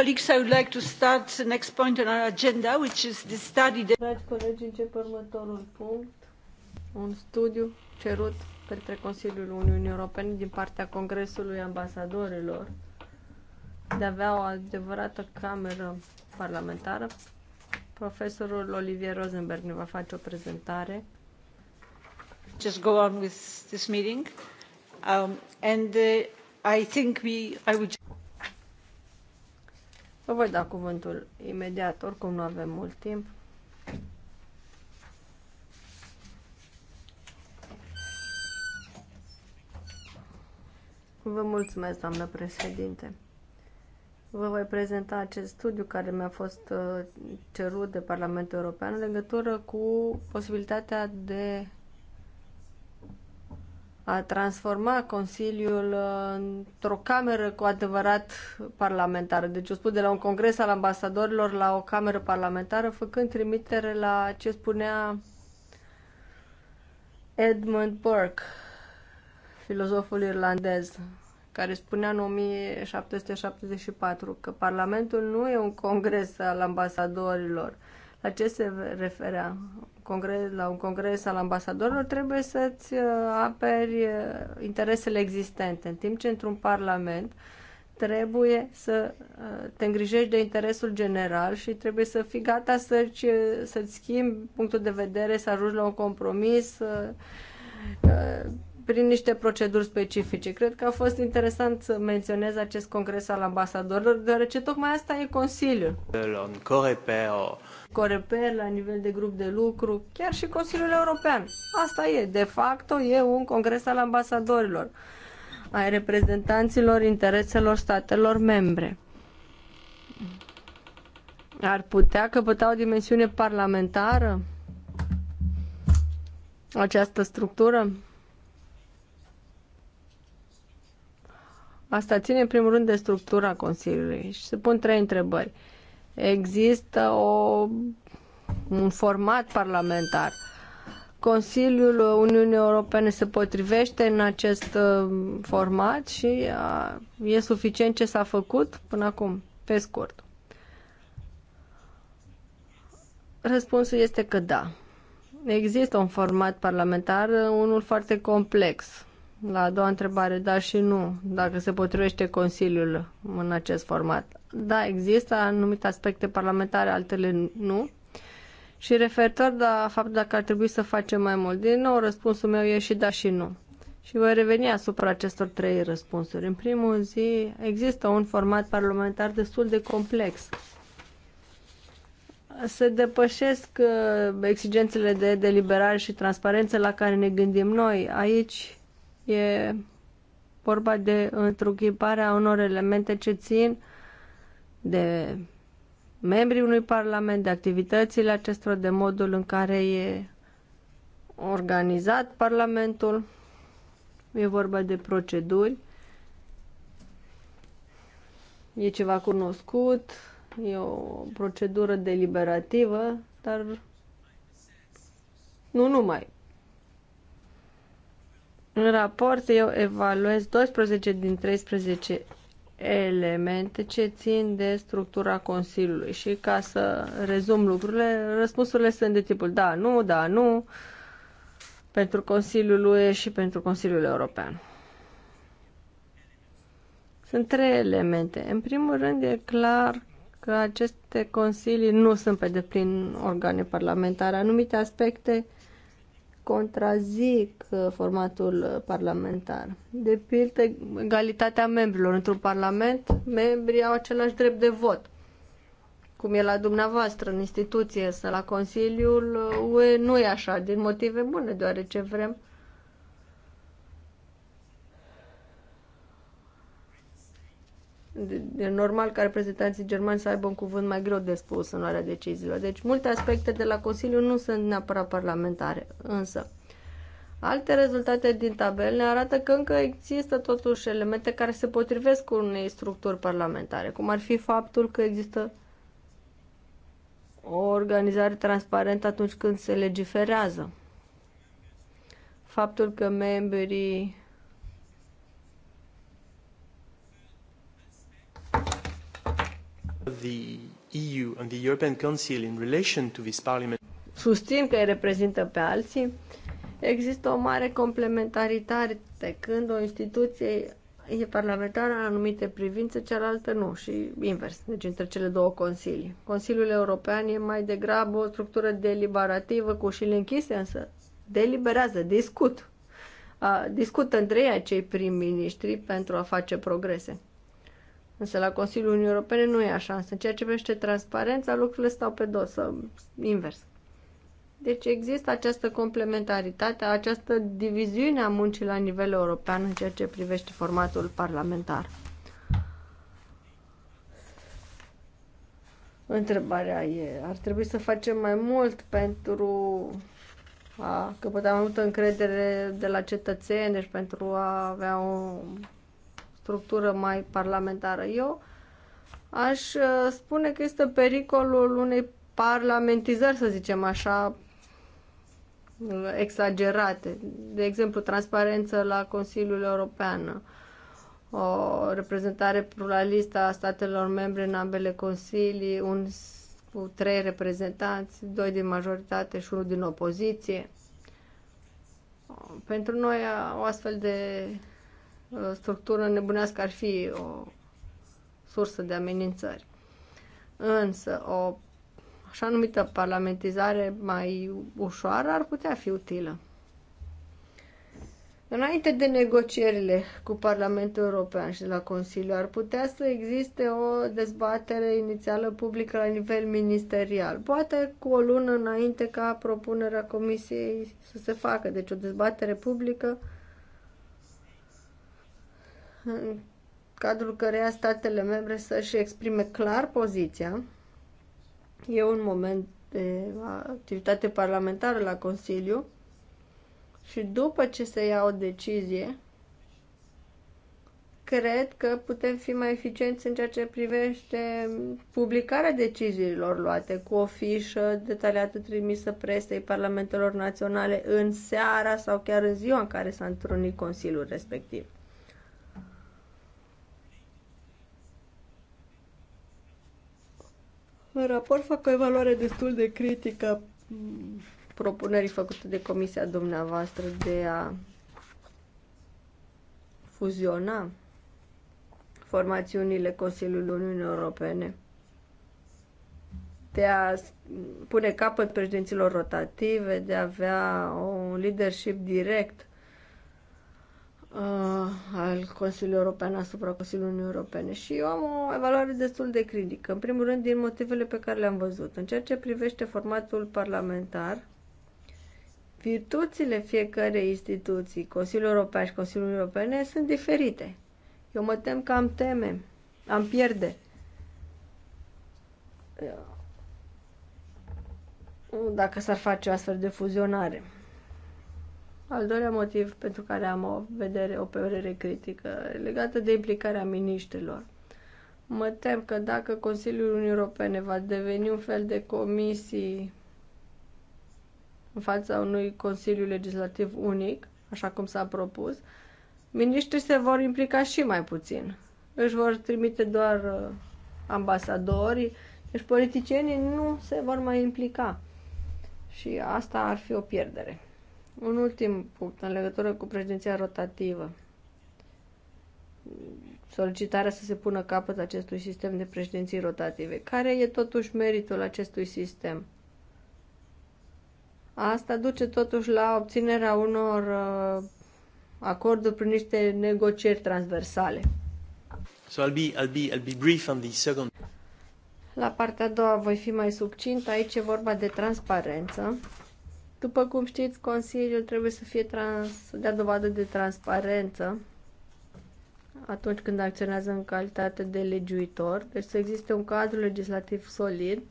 colleagues, I would like to start the next point on our agenda, which is the study. That... Dragi colegi, încep următorul punct, un studiu cerut către Consiliul Uniunii Europene din partea Congresului Ambasadorilor de a avea o adevărată cameră parlamentară. Profesorul Olivier Rosenberg ne va face o prezentare. Just go on with this meeting. Um, and uh, I think we, I would Vă voi da cuvântul imediat, oricum nu avem mult timp. Vă mulțumesc, doamnă președinte. Vă voi prezenta acest studiu care mi-a fost uh, cerut de Parlamentul European în legătură cu posibilitatea de a transforma Consiliul într-o cameră cu adevărat parlamentară. Deci, o spun de la un congres al ambasadorilor la o cameră parlamentară, făcând trimitere la ce spunea Edmund Burke, filozoful irlandez, care spunea în 1774 că Parlamentul nu e un congres al ambasadorilor, la ce se referea congres, la un congres al ambasadorilor, trebuie să-ți uh, aperi uh, interesele existente, în timp ce într-un parlament trebuie să uh, te îngrijești de interesul general și trebuie să fii gata să-ți, să-ți schimbi punctul de vedere, să ajungi la un compromis prin niște proceduri specifice. Cred că a fost interesant să menționez acest congres al ambasadorilor, deoarece tocmai asta e Consiliul. Coreper, la nivel de grup de lucru, chiar și Consiliul European. Asta e, de facto, e un congres al ambasadorilor, ai reprezentanților intereselor statelor membre. Ar putea căpăta o dimensiune parlamentară această structură? Asta ține în primul rând de structura Consiliului și se pun trei întrebări. Uh, există o, un format parlamentar. Consiliul Uniunii Europene se potrivește în acest uh, format și a, uh, e suficient ce s-a făcut până acum, pe scurt. Răspunsul este că da. Există un format parlamentar, unul foarte complex, la a doua întrebare, da și nu, dacă se potrivește Consiliul în acest format. Da, există anumite aspecte parlamentare, altele nu. Și referitor la faptul dacă ar trebui să facem mai mult, din nou răspunsul meu e și da și nu. Și voi reveni asupra acestor trei răspunsuri. În primul zi, există un format parlamentar destul de complex. Se depășesc uh, exigențele de deliberare și transparență la care ne gândim noi. Aici E vorba de întruchiparea unor elemente ce țin de membrii unui parlament, de activitățile acestora, de modul în care e organizat parlamentul. E vorba de proceduri. E ceva cunoscut, e o procedură deliberativă, dar nu numai. În raport eu evaluez 12 din 13 elemente ce țin de structura Consiliului și ca să rezum lucrurile, răspunsurile sunt de tipul da, nu, da, nu pentru Consiliul UE și pentru Consiliul European. Sunt trei elemente. În primul rând e clar că aceste consilii nu sunt pe deplin organe parlamentare. Anumite aspecte contrazic uh, formatul uh, parlamentar. De pildă, egalitatea membrilor. Într-un parlament, membrii au același drept de vot, cum e la dumneavoastră în instituție, să la Consiliul UE uh, nu e așa, din motive bune, deoarece vrem E normal ca reprezentanții germani să aibă un cuvânt mai greu de spus în luarea deciziilor. Deci multe aspecte de la Consiliu nu sunt neapărat parlamentare, însă Alte rezultate din tabel ne arată că încă există totuși elemente care se potrivesc cu unei structuri parlamentare, cum ar fi faptul că există o organizare transparentă atunci când se legiferează. Faptul că membrii the EU and the European Council in relation to this parliament. Susțin că îi reprezintă pe alții. Există o mare complementaritate când o instituție e parlamentară în anumite privințe, cealaltă nu și invers, deci între cele două consilii. Consiliul European e mai degrabă o structură deliberativă cu ușile închise, însă deliberează, discut, uh, discută între ei acei prim-ministri pentru a face progrese. Însă la Consiliul Uniunii Europene nu e așa. Însă în ceea ce privește transparența, lucrurile stau pe dos, invers. Deci există această complementaritate, această diviziune a muncii la nivel european în ceea ce privește formatul parlamentar. Întrebarea e, ar trebui să facem mai mult pentru a căpăta mai multă încredere de la cetățeni, deci pentru a avea o structură mai parlamentară. Eu aș uh, spune că este pericolul unei parlamentizări, să zicem așa, exagerate. De exemplu, transparență la Consiliul European, o reprezentare pluralistă a statelor membre în ambele consilii, un cu trei reprezentanți, doi din majoritate și unul din opoziție. Pentru noi o astfel de structură nebunească ar fi o sursă de amenințări. Însă, o așa numită parlamentizare mai ușoară ar putea fi utilă. Înainte de negocierile cu Parlamentul European și de la Consiliu, ar putea să existe o dezbatere inițială publică la nivel ministerial, poate cu o lună înainte ca propunerea Comisiei să se facă, deci o dezbatere publică uh, în cadrul căreia statele membre să-și exprime clar poziția. E un moment de activitate parlamentară la Consiliu și după ce se ia o decizie, cred că putem fi mai eficienți în ceea ce privește publicarea deciziilor luate cu o fișă detaliată trimisă presei parlamentelor naționale în seara sau chiar în ziua în care s-a întrunit Consiliul respectiv. În raport fac o evaluare destul de critică mm, propunerii făcute de comisia dumneavoastră de a fuziona formațiunile Consiliului Uniunii Europene, de a pune capăt președinților rotative, de a avea un leadership direct Uh, al Consiliului European asupra Consiliului Uniunii Europene și eu am o evaluare destul de critică. În primul rând, din motivele pe care le-am văzut. În ceea ce privește formatul parlamentar, virtuțile fiecarei instituții, Consiliul European și Consiliul Europene, sunt diferite. Eu mă tem că am teme, am pierde. Uh, dacă s-ar face o astfel de fuzionare. Al doilea motiv pentru care am o vedere, o părere critică, legată de implicarea miniștrilor. Mă tem că dacă Consiliul Uniunii Europene va deveni un fel de comisii în fața unui Consiliu Legislativ unic, așa cum s-a propus, miniștrii se vor implica și mai puțin. Își vor trimite doar uh, ambasadori, deci politicienii nu se vor mai implica. Și asta ar fi o pierdere. Un ultim punct în legătură cu președinția rotativă. Solicitarea să se pună capăt acestui sistem de președinții rotative. Care e totuși meritul acestui sistem? Asta duce totuși la obținerea unor uh, acorduri prin niște negocieri transversale. So I'll be, I'll be, I'll be brief on the second. La partea a doua voi fi mai succint. Aici e vorba de transparență. După cum știți, Consiliul trebuie să fie trans, să dea dovadă de transparență atunci când acționează în calitate de legiuitor, deci să existe un cadru legislativ solid.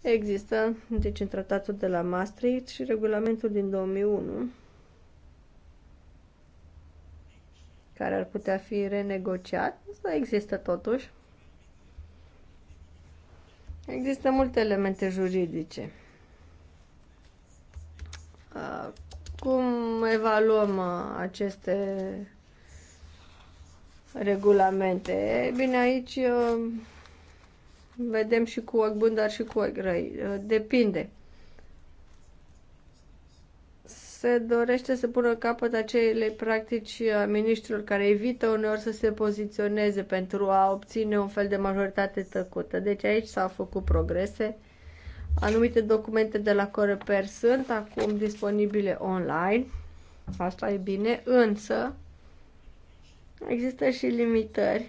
Există, deci, în tratatul de la Maastricht și regulamentul din 2001, care ar putea fi renegociat, să există totuși. Există multe elemente juridice cum evaluăm uh, aceste regulamente? bine, aici uh, vedem și cu ochi bun, dar și cu ochi răi. Uh, depinde. Se dorește să pună capăt acelei practici a ministrilor care evită uneori să se poziționeze pentru a obține un fel de majoritate tăcută. Deci aici s-au făcut progrese. Anumite documente de la Coreper sunt acum disponibile online. Asta e bine, însă există și limitări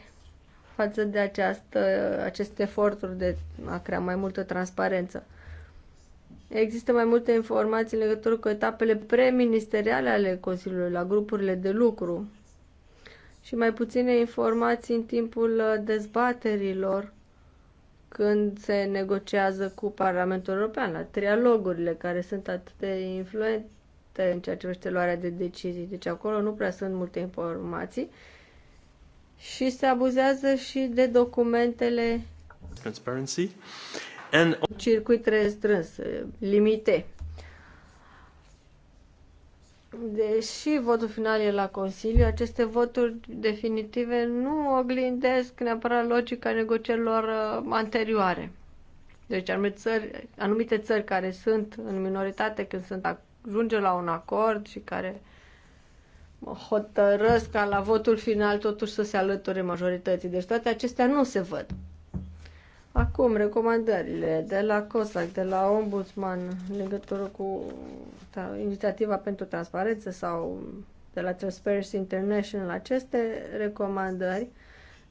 față de această, aceste eforturi de a crea mai multă transparență. Există mai multe informații în legătură cu etapele preministeriale ale Consiliului, la grupurile de lucru și mai puține informații în timpul uh, dezbaterilor când se negociază cu Parlamentul European, la trialogurile care sunt atât de influente în ceea ce privește luarea de decizii. Deci acolo nu prea sunt multe informații și se abuzează și de documentele Transparency. And... circuit restrâns, limite deși votul final e la Consiliu, aceste voturi definitive nu oglindesc neapărat logica negocierilor uh, anterioare. Deci anumite țări, anumite țări care sunt în minoritate când sunt ajunge la un acord și care hotărăsc ca la votul final totuși să se alăture majorității. Deci toate acestea nu se văd. Acum, recomandările de la COSAC, de la Ombudsman, legătură cu da, inițiativa pentru transparență sau de la Transparency International, aceste recomandări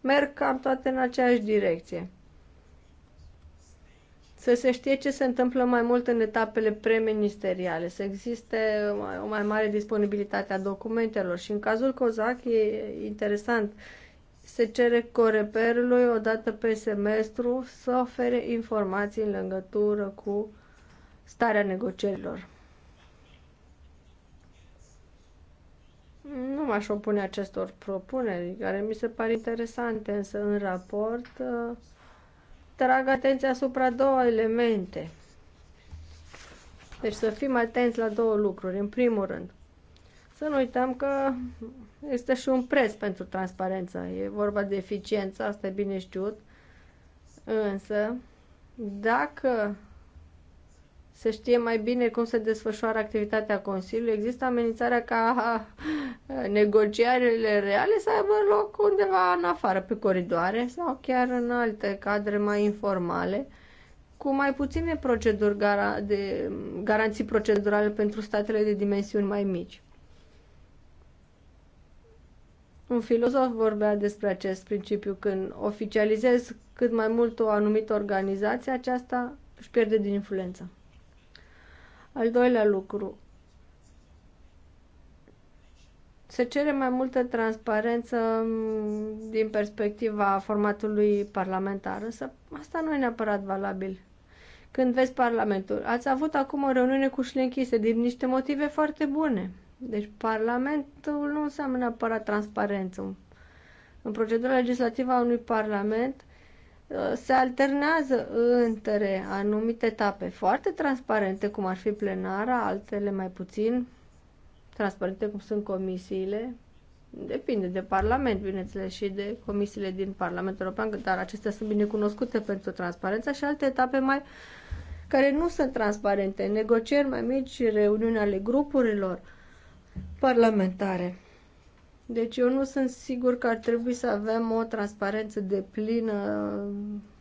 merg cam toate în aceeași direcție. Să se știe ce se întâmplă mai mult în etapele preministeriale, să existe o mai mare disponibilitate a documentelor și în cazul COSAC e interesant uh, se cere coreperului odată pe semestru să ofere informații în legătură cu starea negocierilor. Nu m-aș opune acestor propuneri, care mi se par interesante, însă în raport uh, trag atenția asupra două elemente. Deci să fim atenți la două lucruri. În primul rând, să nu uităm că este și un preț pentru transparență. E vorba de eficiență, asta e bine știut. Însă, dacă se știe mai bine cum se desfășoară activitatea Consiliului, există amenințarea ca negocierile reale să aibă loc undeva în afară, pe coridoare sau chiar în alte cadre mai informale, cu mai puține proceduri de garanții procedurale pentru statele de dimensiuni mai mici. Un filozof vorbea despre acest principiu când oficializezi cât mai mult o anumită organizație, aceasta își pierde din influență. Al doilea lucru. Se cere mai multă transparență mm, din perspectiva formatului parlamentar, însă asta nu e neapărat valabil. Când vezi Parlamentul, ați avut acum o reuniune cu ușile din niște motive foarte bune. Deci Parlamentul nu înseamnă neapărat transparență. În procedura legislativă a unui Parlament uh, se alternează între anumite etape foarte transparente, cum ar fi plenara, altele mai puțin transparente, cum sunt comisiile. Depinde de Parlament, bineînțeles, și de comisiile din Parlamentul European, dar acestea sunt bine cunoscute pentru transparența și alte etape mai care nu sunt transparente, negocieri mai mici, reuniuni ale grupurilor, parlamentare. Deci eu nu sunt sigur că ar trebui să avem o transparență de plină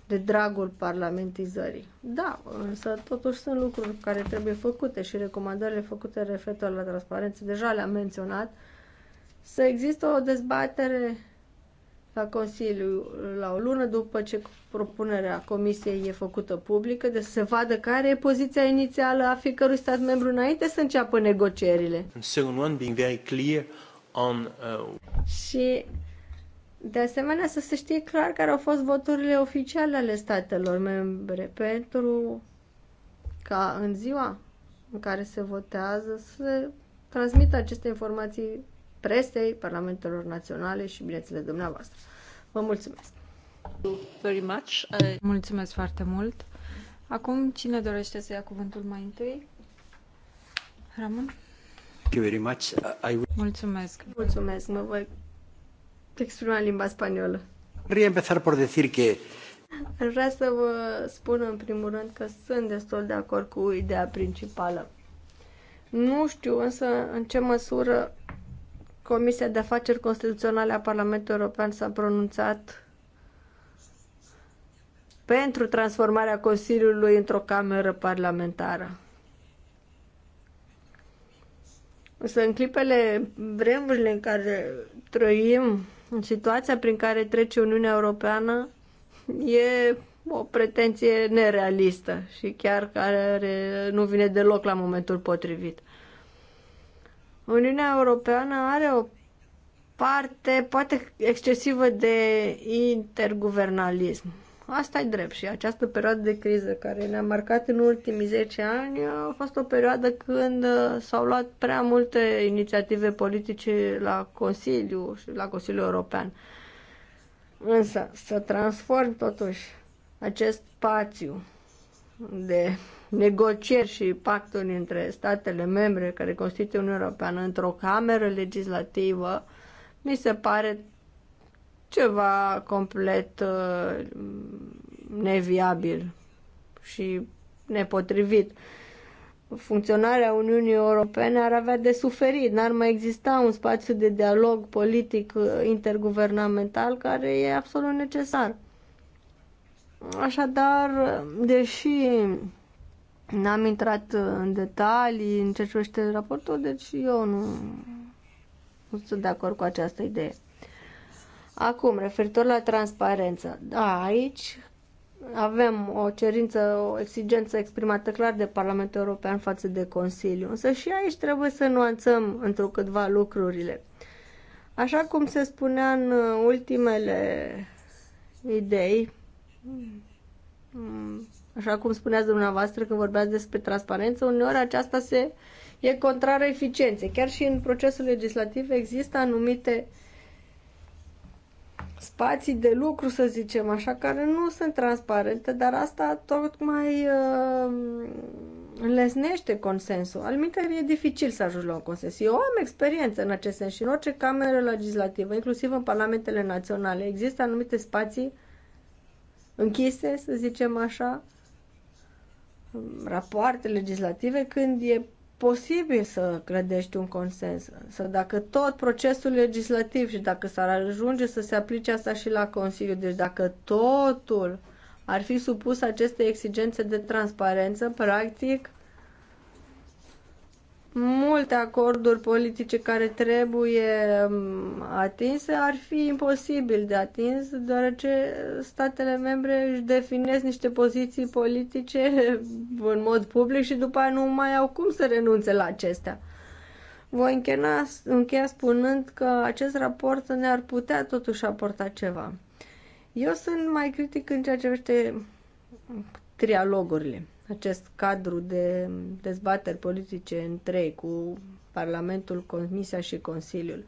de dragul parlamentizării. Da, însă totuși sunt lucruri care trebuie făcute și recomandările făcute referitor la transparență, deja le-am menționat, să există o dezbatere la Consiliu la o lună după ce propunerea Comisiei e făcută publică, de deci să se vadă care e poziția inițială a fiecărui stat membru înainte să înceapă negocierile. One being very clear on, uh, Și de asemenea să se știe clar care au fost voturile oficiale ale statelor membre pentru ca în ziua în care se votează să transmită aceste informații presei, parlamentelor naționale și, bineînțeles, dumneavoastră. Vă mulțumesc! Very much. Uh, mulțumesc foarte mult! Acum, cine dorește să ia cuvântul mai întâi? Ramon? Uh, mulțumesc! Mulțumesc! Mă voi exprima în limba spaniolă. Reempezar por decir que Aș vrea să vă spun în primul rând că sunt destul de acord cu ideea principală. Nu știu însă în ce măsură Comisia de Afaceri Constituționale a Parlamentului European s-a pronunțat pentru transformarea Consiliului într-o cameră parlamentară. Însă în clipele, vremurile în care trăim, în situația prin care trece Uniunea Europeană, e o pretenție nerealistă și chiar care nu vine deloc la momentul potrivit. Uniunea Europeană are o parte, poate excesivă de interguvernalism. Asta e drept și această perioadă de criză care ne-a marcat în ultimii 10 ani a fost o perioadă când uh, s-au luat prea multe inițiative politice la Consiliu și la Consiliul European. Însă să transform totuși acest spațiu de negocieri și pacturi între statele membre care constituie Uniunea Europeană într-o cameră legislativă, mi se pare ceva complet uh, neviabil și nepotrivit. Funcționarea Uniunii Europene ar avea de suferit, n-ar mai exista un spațiu de dialog politic uh, interguvernamental care e absolut necesar. Așadar, deși N-am intrat în detalii în ce privește raportul, deci eu nu, nu sunt de acord cu această idee. Acum, referitor la transparență, da, aici avem o cerință, o exigență exprimată clar de Parlamentul European față de Consiliu, însă și aici trebuie să nuanțăm într-o câtva lucrurile. Așa cum se spunea în ultimele idei, așa cum spuneați dumneavoastră că vorbeați despre transparență, uneori aceasta se e contrară eficienței. Chiar și în procesul legislativ există anumite spații de lucru, să zicem așa, care nu sunt transparente, dar asta tot mai uh, înlesnește consensul. Alminter e dificil să ajungi la un consens. Eu am experiență în acest sens și în orice cameră legislativă, inclusiv în parlamentele naționale, există anumite spații închise, să zicem așa, rapoarte legislative când e posibil să credești un consens. Să dacă tot procesul legislativ și dacă s-ar ajunge să se aplice asta și la Consiliu, deci dacă totul ar fi supus aceste exigențe de transparență, practic multe acorduri politice care trebuie um, atinse ar fi imposibil de atins, deoarece statele membre își definesc niște poziții politice în mod public și după aia nu mai au cum să renunțe la acestea. Voi încheia, încheia spunând că acest raport ne-ar putea totuși aporta ceva. Eu sunt mai critic în ceea ce privește trialogurile acest cadru de dezbateri politice în trei cu Parlamentul, Comisia și Consiliul.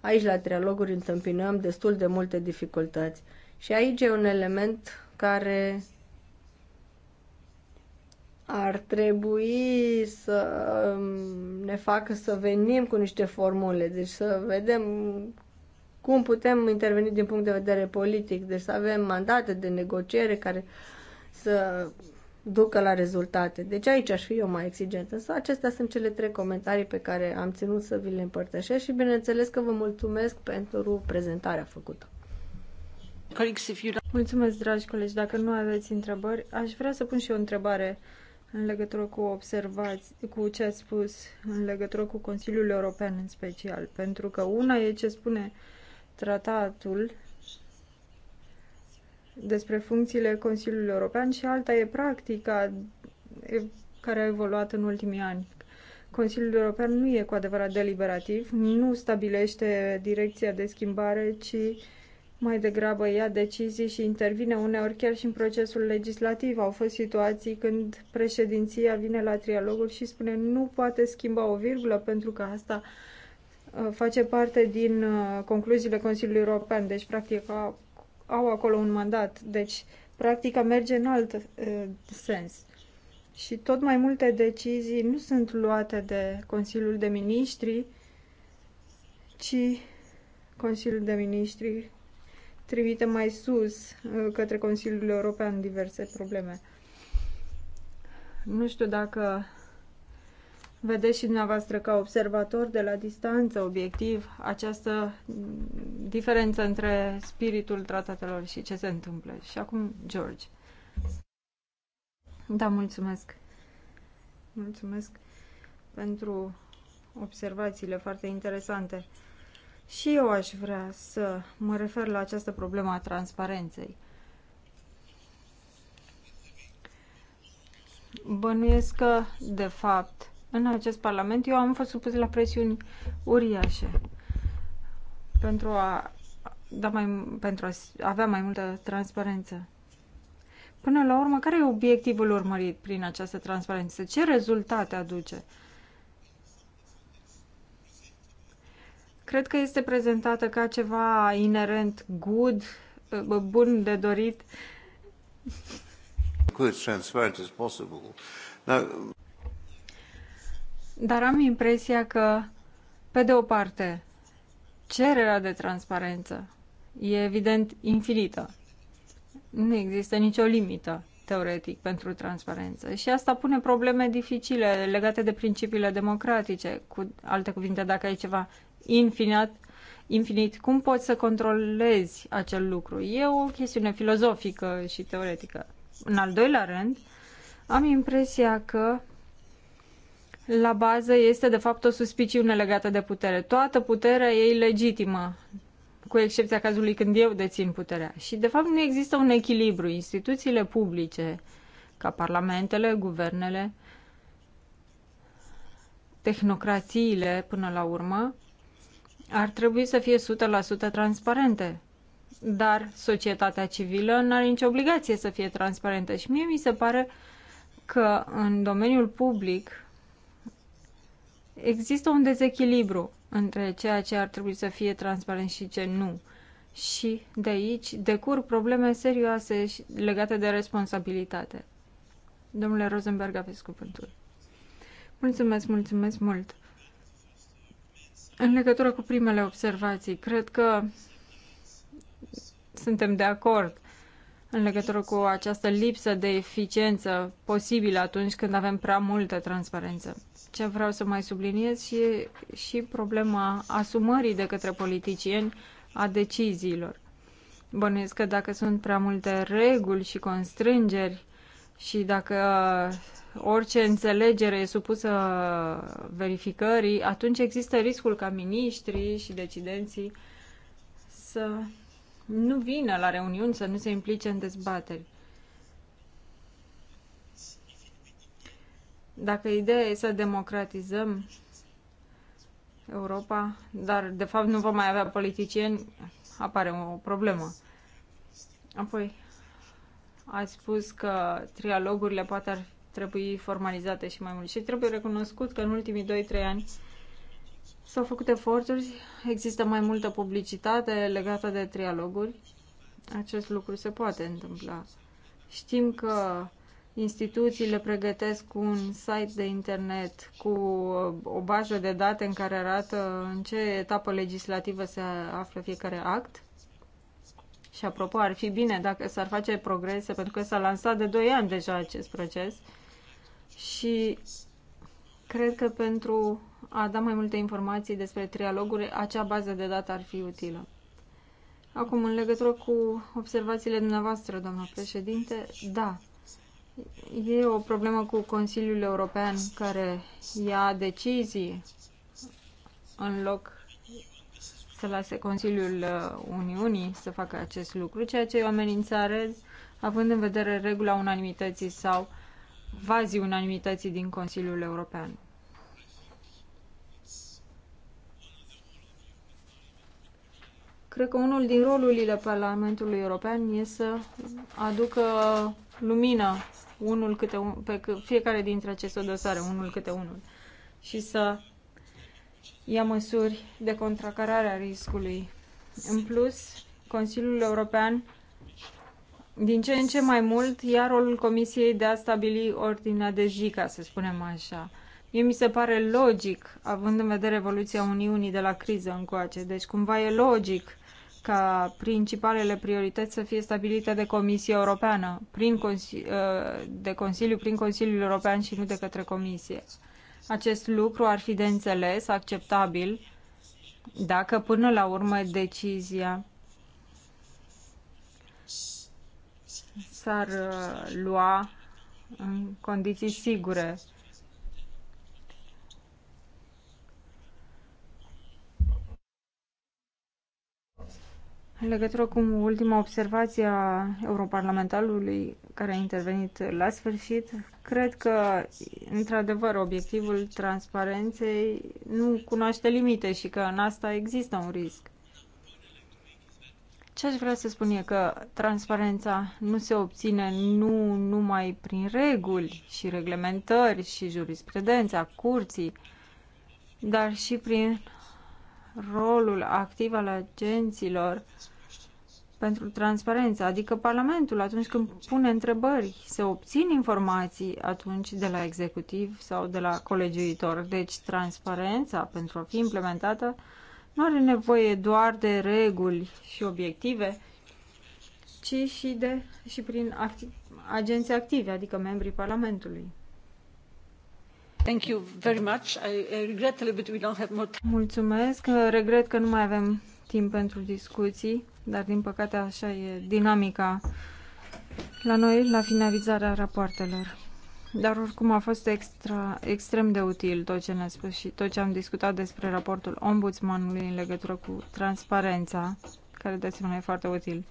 Aici, la trialoguri, întâmpinăm destul de multe dificultăți. Și aici e un element care ar trebui să um, ne facă să venim cu niște formule, deci să vedem cum putem interveni din punct de vedere politic, deci să avem mandate de negociere care să ducă la rezultate. Deci aici aș fi eu mai exigent. Însă acestea sunt cele trei comentarii pe care am ținut să vi le împărtășesc și bineînțeles că vă mulțumesc pentru prezentarea făcută. Mulțumesc, dragi colegi. Dacă nu aveți întrebări, aș vrea să pun și o întrebare în legătură cu observați, cu ce ați spus în legătură cu Consiliul European în special, pentru că una e ce spune tratatul despre funcțiile Consiliului European și alta e practica care a evoluat în ultimii ani. Consiliul European nu e cu adevărat deliberativ, nu stabilește direcția de schimbare, ci mai degrabă ia decizii și intervine uneori chiar și în procesul legislativ. Au fost situații când președinția vine la trialoguri și spune nu poate schimba o virgulă pentru că asta uh, face parte din uh, concluziile Consiliului European, deci practic a au acolo un mandat. Deci, practica merge în alt uh, sens. Și tot mai multe decizii nu sunt luate de Consiliul de Ministri, ci Consiliul de Ministri trimite mai sus uh, către Consiliul European diverse probleme. Nu știu dacă Vedeți și dumneavoastră ca observator de la distanță obiectiv această diferență între spiritul tratatelor și ce se întâmplă. Și acum, George. Da, mulțumesc. Mulțumesc pentru observațiile foarte interesante. Și eu aș vrea să mă refer la această problemă a transparenței. Bănuiesc că, de fapt, în acest Parlament, eu am fost supus la presiuni uriașe pentru a, da mai, pentru a avea mai multă transparență. Până la urmă, care e obiectivul urmărit prin această transparență? Ce rezultate aduce? Cred că este prezentată ca ceva inerent good, bun de dorit. Good, as possible. Now... Dar am impresia că, pe de o parte, cererea de transparență e evident infinită. Nu există nicio limită teoretic pentru transparență. Și asta pune probleme dificile legate de principiile democratice. Cu alte cuvinte, dacă ai ceva infinit, infinit, cum poți să controlezi acel lucru? E o chestiune filozofică și teoretică. În al doilea rând, am impresia că la bază este de fapt o suspiciune legată de putere. Toată puterea e ilegitimă, cu excepția cazului când eu dețin puterea. Și de fapt nu există un echilibru. Instituțiile publice, ca parlamentele, guvernele, tehnocrațiile până la urmă, ar trebui să fie 100% transparente. Dar societatea civilă nu are nicio obligație să fie transparentă. Și mie mi se pare că în domeniul public există un dezechilibru între ceea ce ar trebui să fie transparent și ce nu. Și de aici decurg probleme serioase legate de responsabilitate. Domnule Rosenberg, aveți cuvântul. Mulțumesc, mulțumesc mult. În legătură cu primele observații, cred că suntem de acord în legătură cu această lipsă de eficiență posibilă atunci când avem prea multă transparență. Ce vreau să mai subliniez și, și problema asumării de către politicieni a deciziilor. Bănuiesc că dacă sunt prea multe reguli și constrângeri și dacă orice înțelegere e supusă verificării, atunci există riscul ca miniștrii și decidenții să nu vină la reuniuni, să nu se implice în dezbateri. Dacă ideea e să democratizăm Europa, dar de fapt nu vom mai avea politicieni, apare o problemă. Apoi, ați spus că trialogurile poate ar trebui formalizate și mai mult. Și trebuie recunoscut că în ultimii 2-3 ani S-au făcut eforturi, există mai multă publicitate legată de trialoguri. Acest lucru se poate întâmpla. Știm că instituțiile pregătesc un site de internet cu uh, o bază de date în care arată în ce etapă legislativă se află fiecare act. Și apropo, ar fi bine dacă s-ar face progrese, pentru că s-a lansat de 2 ani deja acest proces. Și cred că pentru a da mai multe informații despre trialoguri, acea bază de dată ar fi utilă. Acum, în legătură cu observațiile dumneavoastră, doamnă președinte, da, e o problemă cu Consiliul European care ia decizii în loc să lase Consiliul uh, Uniunii să facă acest lucru, ceea ce e o amenințare având în vedere regula unanimității sau vazii unanimității din Consiliul European. Cred că unul din rolurile Parlamentului European e să aducă lumină unul câte un, pe fiecare dintre aceste dosare, unul câte unul, și să ia măsuri de contracarare a riscului. În plus, Consiliul European din ce în ce mai mult ia rolul Comisiei de a stabili ordinea de zi, ca să spunem așa. Mie mi se pare logic, având în vedere evoluția Uniunii de la criză încoace. Deci cumva e logic ca principalele priorități să fie stabilite de Comisia Europeană, prin consi- uh, de Consiliu, prin Consiliul European și nu de către Comisie. Acest lucru ar fi de înțeles, acceptabil, dacă până la urmă decizia s-ar uh, lua în condiții sigure În legătură cu ultima observație a europarlamentarului care a intervenit la sfârșit, cred că, într-adevăr, obiectivul transparenței nu cunoaște limite și că în asta există un risc. Ce aș vrea să spun e că transparența nu se obține nu numai prin reguli și reglementări și jurisprudența curții, dar și prin rolul activ al agenților pentru transparență, adică Parlamentul atunci când pune întrebări, se obțin informații atunci de la executiv sau de la colegiuitor. Deci transparența pentru a fi implementată nu are nevoie doar de reguli și obiective, ci și, de, și prin acti, agenții active, adică membrii Parlamentului. Mulțumesc. Regret că nu mai avem timp pentru discuții, dar din păcate așa e dinamica la noi la finalizarea rapoartelor. Dar oricum a fost extra, extrem de util tot ce ne spus și tot ce am discutat despre raportul ombudsmanului în legătură cu transparența, care de asemenea e foarte util.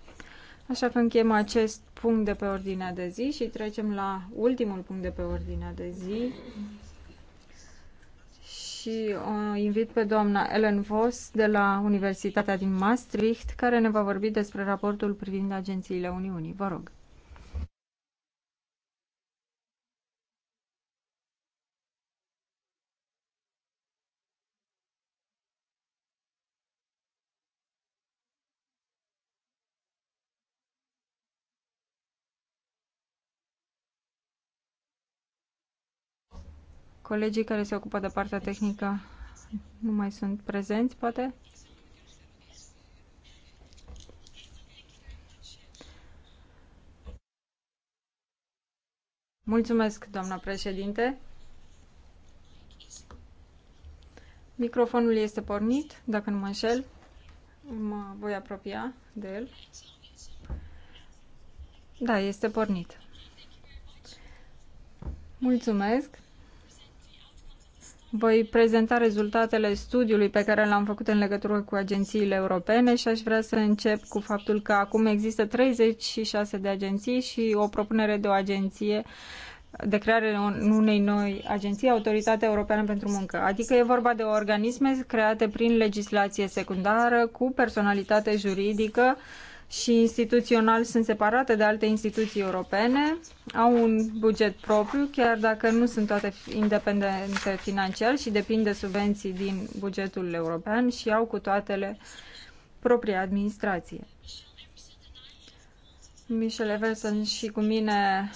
Așa că încheiem acest punct de pe ordinea de zi și trecem la ultimul punct de pe ordinea de zi, și o invit pe doamna Ellen Voss de la Universitatea din Maastricht, care ne va vorbi despre raportul privind agențiile Uniunii. Vă rog. Colegii care se ocupă de partea tehnică nu mai sunt prezenți, poate? Mulțumesc, doamna președinte. Microfonul este pornit, dacă nu mă înșel. Mă voi apropia de el. Da, este pornit. Mulțumesc voi prezenta rezultatele studiului pe care l-am făcut în legătură cu agențiile europene și aș vrea să încep cu faptul că acum există 36 de agenții și o propunere de o agenție de creare unei noi agenții, Autoritatea Europeană pentru Muncă. Adică e vorba de organisme create prin legislație secundară cu personalitate juridică uh, și instituțional sunt separate de alte instituții europene, au un buget propriu, chiar dacă nu sunt toate independente financiar și depind de subvenții din bugetul european și au cu toatele propria administrație. Michel Everson și cu mine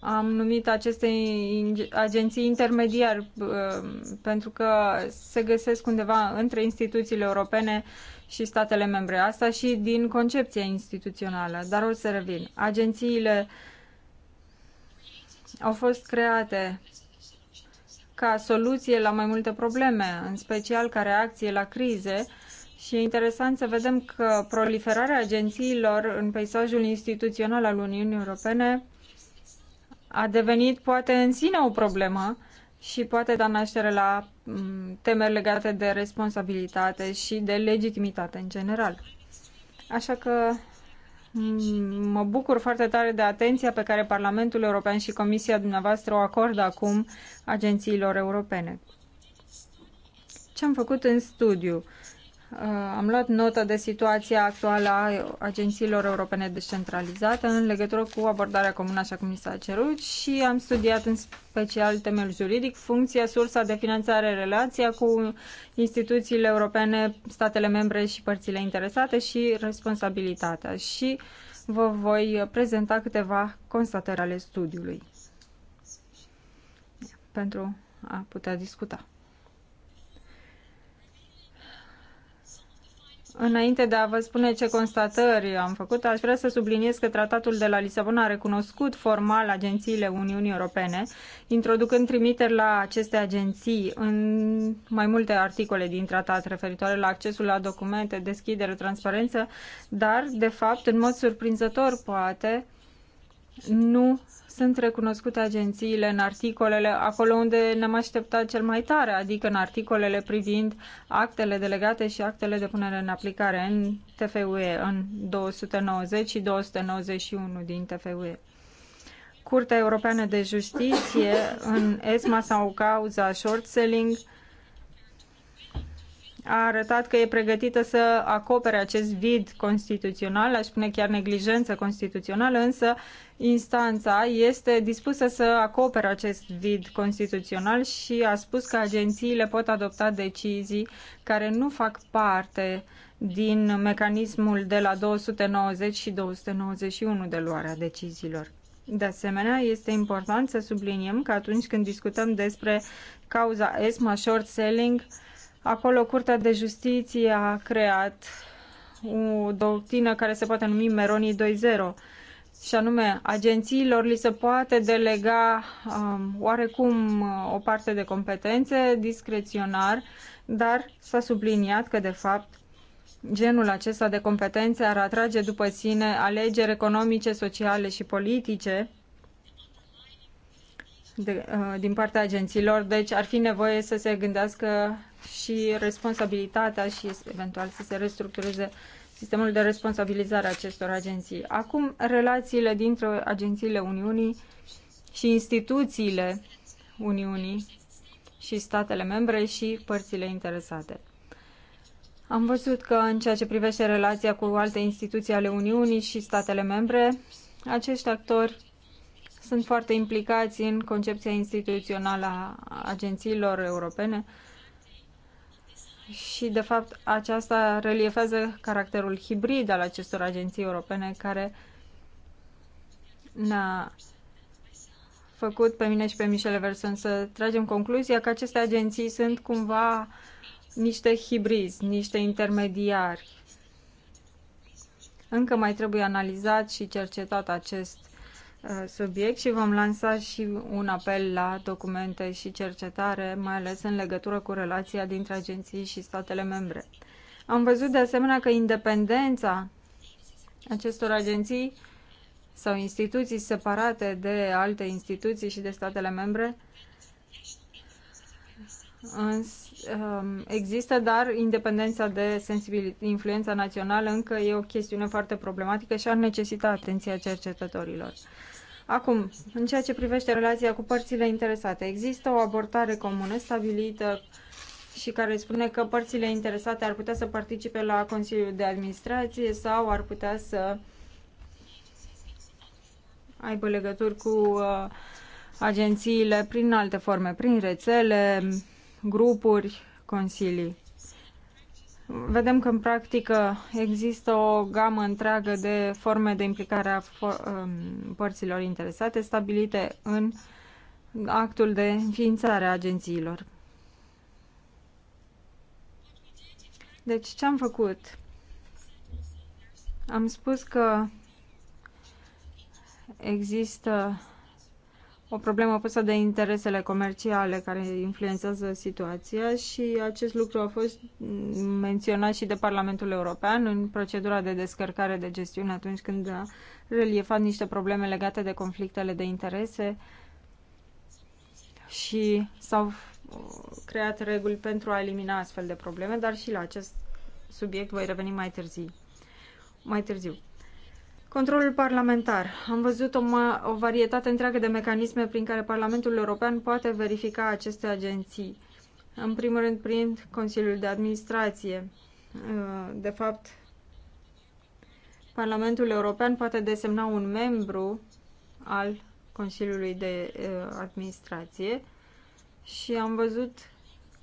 am numit aceste agenții intermediari uh, pentru că se găsesc undeva între instituțiile europene și statele membre. Asta și din concepția instituțională, dar o să revin. Agențiile au fost create ca soluție la mai multe probleme, în special ca reacție la crize, și e interesant să vedem că proliferarea agențiilor în peisajul instituțional al Uniunii Europene a devenit poate în sine o problemă și poate da naștere la mm, teme legate de responsabilitate și de legitimitate în general. Așa că mm, mă bucur foarte tare de atenția pe care Parlamentul European și Comisia dumneavoastră o acordă acum agențiilor europene. Ce am făcut în studiu? Uh, am luat notă de situația actuală a agențiilor europene descentralizate în legătură cu abordarea comună, așa cum mi s-a cerut, și am studiat în special temel juridic, funcția, sursa de finanțare, relația cu instituțiile europene, statele membre și părțile interesate și responsabilitatea. Și vă voi prezenta câteva constatări ale studiului pentru a putea discuta. Înainte de a vă spune ce constatări am făcut, aș vrea să subliniez că tratatul de la Lisabona a recunoscut formal agențiile Uniunii Europene, introducând trimiteri la aceste agenții în mai multe articole din tratat referitoare la accesul la documente, deschidere, transparență, dar, de fapt, în mod surprinzător, poate, nu sunt recunoscute agențiile în articolele acolo unde ne-am așteptat cel mai tare, adică în articolele privind actele delegate și actele de punere în aplicare în TFUE, în 290 și 291 din TFUE. Curtea Europeană de Justiție, în ESMA sau cauza short selling, a arătat că e pregătită să acopere acest vid constituțional, aș spune chiar neglijență constituțională, însă instanța este dispusă să acopere acest vid constituțional și a spus că agențiile pot adopta decizii care nu fac parte din mecanismul de la 290 și 291 de luare a deciziilor. De asemenea, este important să subliniem că atunci când discutăm despre cauza ESMA short selling, uh, Acolo Curtea de Justiție a creat o doctrină care se poate numi Meroni 2.0 și anume agențiilor li se poate delega um, oarecum uh, o parte de competențe discreționar, dar s-a subliniat că de fapt genul acesta de competențe ar atrage după sine alegeri economice, sociale și politice de, uh, din partea agențiilor, deci ar fi nevoie să se gândească și responsabilitatea și eventual să se restructureze sistemul de responsabilizare a acestor agenții. Acum, relațiile dintre agențiile Uniunii și instituțiile Uniunii și statele membre și părțile interesate. Am văzut că în ceea ce privește relația cu alte instituții ale Uniunii și statele membre, acești actori sunt foarte implicați în concepția instituțională a agențiilor europene și, de fapt, aceasta reliefează caracterul hibrid al acestor agenții europene care ne-a făcut pe mine și pe Michele Verson să tragem concluzia că aceste agenții sunt cumva niște hibrizi, niște intermediari. Încă mai trebuie analizat și cercetat acest Uh, subiect și vom lansa și un apel la documente și cercetare, mai ales în legătură cu relația dintre agenții și statele membre. Am văzut de asemenea că independența acestor agenții sau instituții separate de alte instituții și de statele membre Um, există, dar independența de influența națională încă e o chestiune foarte problematică și ar necesita atenția cercetătorilor. Acum, în ceea ce privește relația cu părțile interesate, există o abordare comună stabilită și care spune că părțile interesate ar putea să participe la Consiliul de Administrație sau ar putea să aibă legături cu uh, agențiile prin alte forme, prin rețele, grupuri, consilii. Vedem că în practică există o gamă întreagă de forme de implicare a um, părților interesate stabilite în actul de înființare a agențiilor. Deci ce am făcut? Am spus că există o problemă pusă de interesele comerciale care influențează situația și acest lucru a fost menționat și de Parlamentul European în procedura de descărcare de gestiune atunci când a reliefat niște probleme legate de conflictele de interese și s-au creat reguli pentru a elimina astfel de probleme, dar și la acest subiect voi reveni mai târziu. Mai târziu. Controlul parlamentar. Am văzut o, o varietate întreagă de mecanisme prin care Parlamentul European poate verifica aceste agenții. În primul rând, prin Consiliul de Administrație. Uh, de fapt, Parlamentul European poate desemna un membru al Consiliului de uh, Administrație și am văzut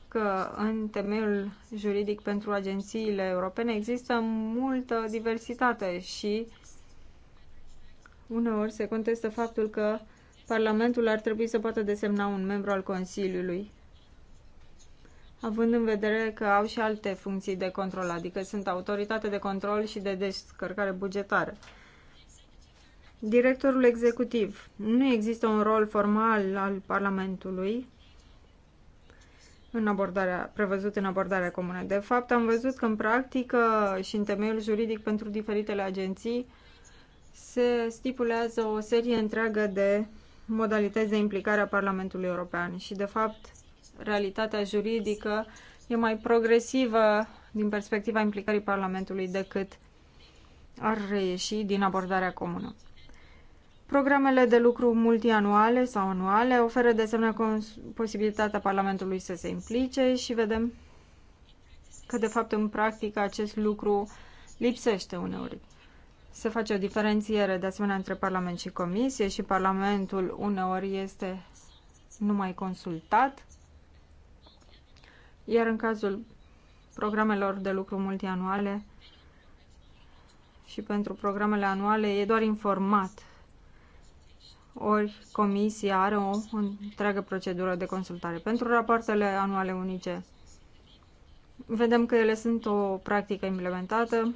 că în temeiul juridic pentru agențiile europene există multă diversitate și uh, Uneori se contestă faptul că Parlamentul ar trebui să poată desemna un membru al Consiliului, având în vedere că au și alte funcții de control, adică sunt autoritate de control și de descărcare bugetară. Directorul executiv. Nu există un rol formal al Parlamentului în abordarea, prevăzut în abordarea comună. De fapt, am văzut că în practică și în temeiul juridic pentru diferitele agenții, se stipulează o serie întreagă de modalități de implicare a Parlamentului European și, de fapt, realitatea juridică e mai progresivă din perspectiva implicării Parlamentului decât ar reieși din abordarea comună. Programele de lucru multianuale sau anuale oferă de asemenea posibilitatea Parlamentului să se implice și vedem că, de fapt, în practică acest lucru lipsește uneori. Se face o diferențiere de asemenea între Parlament și Comisie și Parlamentul uneori este numai consultat, iar în cazul programelor de lucru multianuale și pentru programele anuale e doar informat. Ori comisia are o întreagă procedură de consultare. Pentru rapoartele anuale unice vedem că ele sunt o practică implementată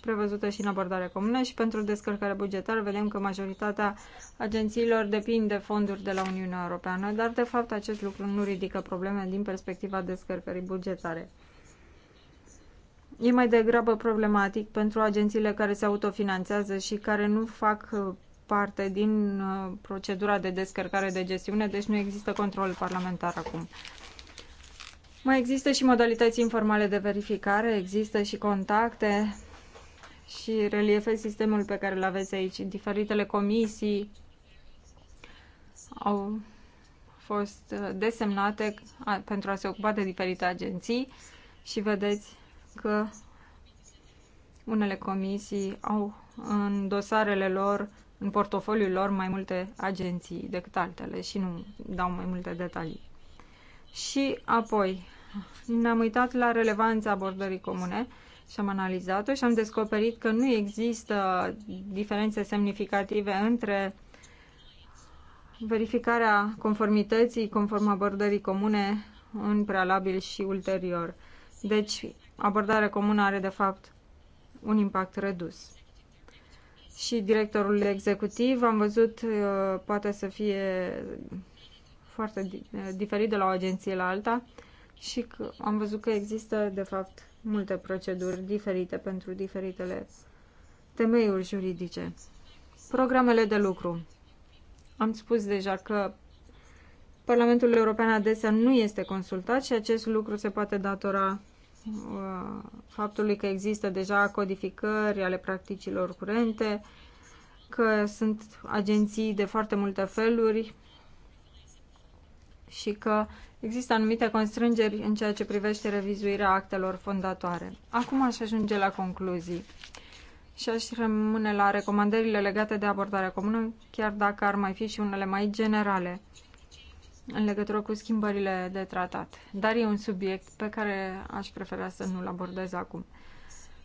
prevăzută și în abordare comună și pentru descărcare bugetară vedem că majoritatea agențiilor depind de fonduri de la Uniunea Europeană, dar de fapt acest lucru nu ridică probleme din perspectiva descărcării bugetare. E mai degrabă problematic pentru agențiile care se autofinanțează și care nu fac uh, parte din uh, procedura de descărcare de gestiune, deci nu există control parlamentar acum. Mai există și modalități informale de verificare, există și contacte și reliefez sistemul pe care îl aveți aici. Diferitele comisii au fost desemnate pentru a se ocupa de diferite agenții și vedeți că unele comisii au în dosarele lor, în portofoliul lor, mai multe agenții decât altele și nu dau mai multe detalii. Și apoi ne-am uitat la relevanța abordării comune și am analizat-o și am descoperit că nu există diferențe semnificative între verificarea conformității conform abordării comune în prealabil și ulterior. Deci, abordarea comună are, de fapt, un impact redus. Și directorul executiv, am văzut, uh, poate să fie foarte uh, diferit de la o agenție la alta și am văzut că există, de fapt, multe proceduri diferite pentru diferitele temeiuri juridice. Programele de lucru. Am spus deja că Parlamentul European adesea nu este consultat și acest lucru se poate datora uh, faptului că există deja codificări ale practicilor curente, că sunt agenții de foarte multe feluri, și că există anumite constrângeri în ceea ce privește revizuirea actelor fondatoare. Acum aș ajunge la concluzii și aș rămâne la recomandările legate de abordarea comună, chiar dacă ar mai fi și unele mai generale în legătură cu schimbările de tratat. Dar e un subiect pe care aș prefera să nu-l abordez acum.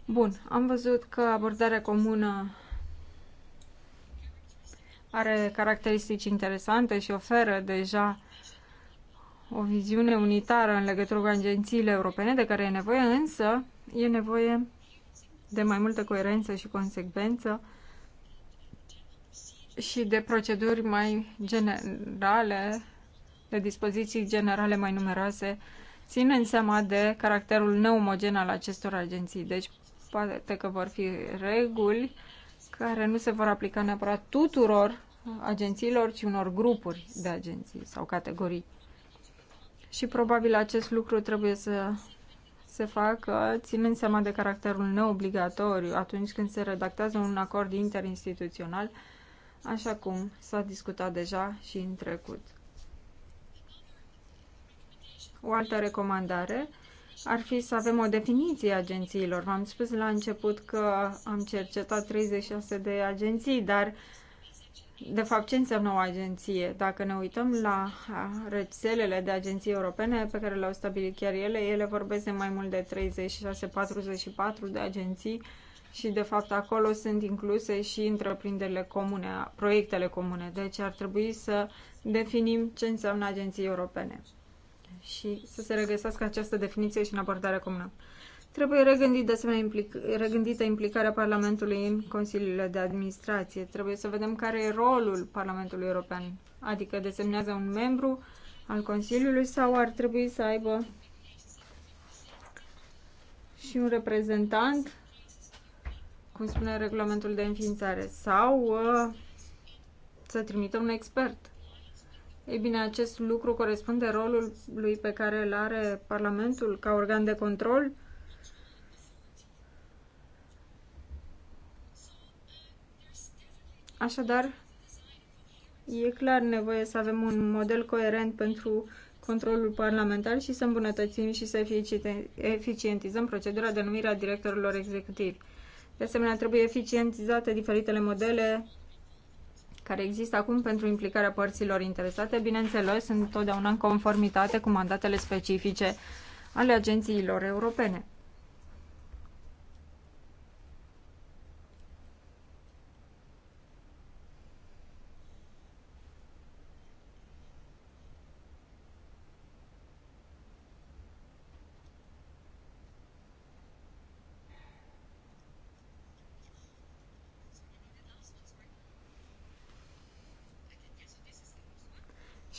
Bun, am văzut că abordarea comună are caracteristici interesante și oferă deja o viziune unitară în legătură cu agențiile europene de care e nevoie, însă e nevoie de mai multă coerență și consecvență și de proceduri mai generale, de dispoziții generale mai numeroase, ținând seama de caracterul neomogen al acestor agenții. Deci, poate că vor fi reguli care nu se vor aplica neapărat tuturor agențiilor, ci unor grupuri de agenții sau categorii și probabil acest lucru trebuie să se facă ținând seama de caracterul neobligatoriu atunci când se redactează un acord interinstituțional, așa cum s-a discutat deja și în trecut. O altă recomandare ar fi să avem o definiție a agențiilor. V-am spus la început că am cercetat 36 de agenții, dar uh, de fapt, ce înseamnă o agenție? Dacă ne uităm la rețelele de agenții europene pe care le-au stabilit chiar ele, ele vorbesc de mai mult de 36-44 de agenții și, de fapt, acolo sunt incluse și întreprinderile comune, proiectele comune. Deci ar trebui să definim ce înseamnă agenții europene și să se regăsească această definiție și în abordarea comună. Trebuie regândit de asemenea implic- regândită implicarea Parlamentului în consiliile de administrație. Trebuie să vedem care e rolul Parlamentului European, adică desemnează un membru al Consiliului sau ar trebui să aibă și un reprezentant, cum spune regulamentul de înființare, sau uh, să trimită un expert. Ei bine, acest lucru corespunde rolului pe care îl are Parlamentul ca organ de control Așadar, e clar nevoie să avem un model coerent pentru controlul parlamentar și să îmbunătățim și să eficientizăm procedura de numire a directorilor executivi. De asemenea, trebuie eficientizate diferitele modele care există acum pentru implicarea părților interesate, bineînțeles, întotdeauna în conformitate cu mandatele specifice ale agențiilor europene.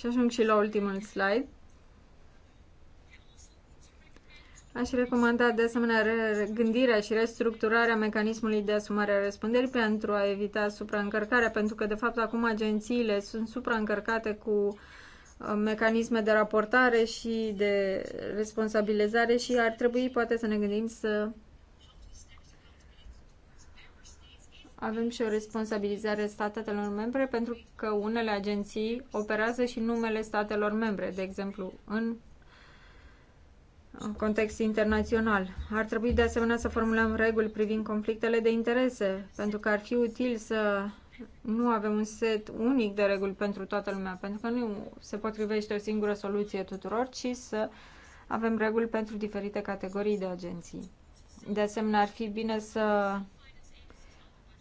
Și ajung și la ultimul slide. Aș recomanda de asemenea gândirea și restructurarea mecanismului de asumare a răspunderii pentru a evita supraîncărcarea, pentru că de fapt acum agențiile sunt supraîncărcate cu uh, mecanisme de raportare și de responsabilizare și ar trebui poate să ne gândim să avem și o responsabilizare statelor membre pentru că unele agenții operează și numele statelor membre, de exemplu, în context internațional. Ar trebui de asemenea să formulăm reguli privind conflictele de interese, pentru că ar fi util să nu avem un set unic de reguli pentru toată lumea, pentru că nu se potrivește o singură soluție tuturor, ci să avem reguli pentru diferite categorii de agenții. De asemenea, ar fi bine să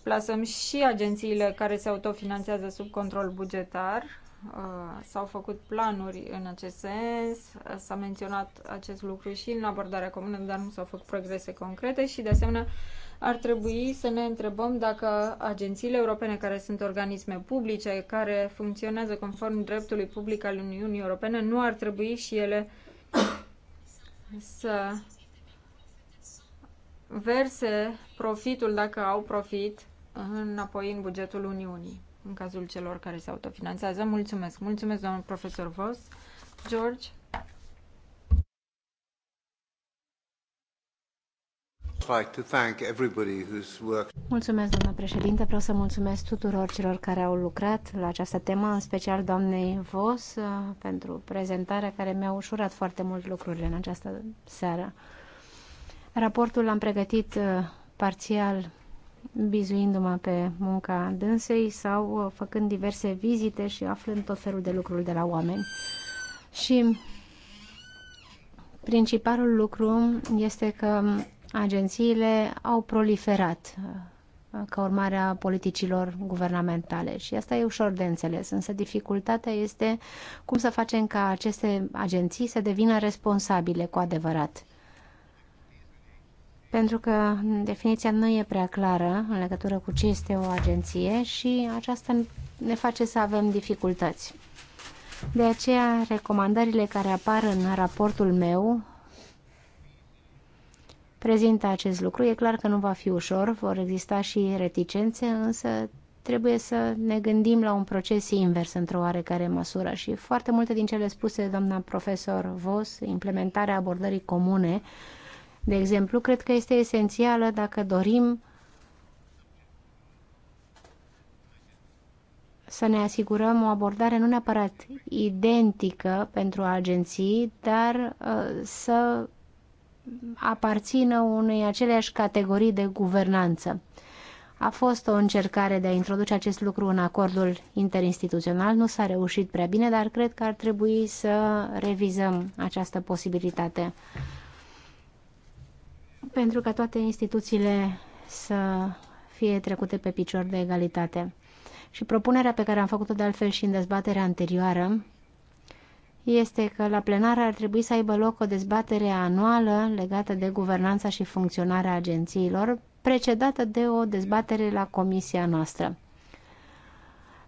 plasăm și agențiile care se autofinanțează sub control bugetar. Uh, s-au făcut planuri în acest sens, uh, s-a menționat acest lucru și în abordarea comună, dar nu s-au făcut progrese concrete și, de asemenea, ar trebui să ne întrebăm dacă agențiile europene, care sunt organisme publice, care funcționează conform dreptului public al Uniunii Europene, nu ar trebui și ele să verse profitul, dacă au profit, înapoi în bugetul Uniunii, în cazul celor care se autofinanțează. Mulțumesc! Mulțumesc, domnul profesor Vos. George? Mulțumesc, doamnă președinte. Vreau să mulțumesc tuturor celor care au lucrat la această temă, în special doamnei Vos, uh, pentru prezentarea care mi-a ușurat foarte mult lucrurile în această seară. Raportul l-am pregătit uh, parțial bizuindu-mă pe munca dânsei sau uh, făcând diverse vizite și aflând tot felul de lucruri de la oameni. Și principalul lucru este că agențiile au proliferat uh, ca urmare a politicilor guvernamentale și asta e ușor de înțeles, însă dificultatea este cum să facem ca aceste agenții să devină responsabile cu adevărat pentru că definiția nu e prea clară în legătură cu ce este o agenție și aceasta ne face să avem dificultăți. De aceea, recomandările care apar în raportul meu prezintă acest lucru. E clar că nu va fi ușor, vor exista și reticențe, însă trebuie să ne gândim la un proces invers într-o oarecare măsură și foarte multe din cele spuse doamna profesor Vos, implementarea abordării comune, de exemplu, cred că este esențială dacă dorim să ne asigurăm o abordare nu neapărat identică pentru agenții, dar uh, să aparțină unei aceleași categorii de guvernanță. A fost o încercare de a introduce acest lucru în acordul interinstituțional, nu s-a reușit prea bine, dar cred că ar trebui să revizăm această posibilitate pentru ca toate instituțiile să fie trecute pe picior de egalitate. Și propunerea pe care am făcut-o de altfel și în dezbaterea anterioară este că la plenară ar trebui să aibă loc o dezbatere anuală legată de guvernanța și funcționarea agențiilor, precedată de o dezbatere la comisia noastră.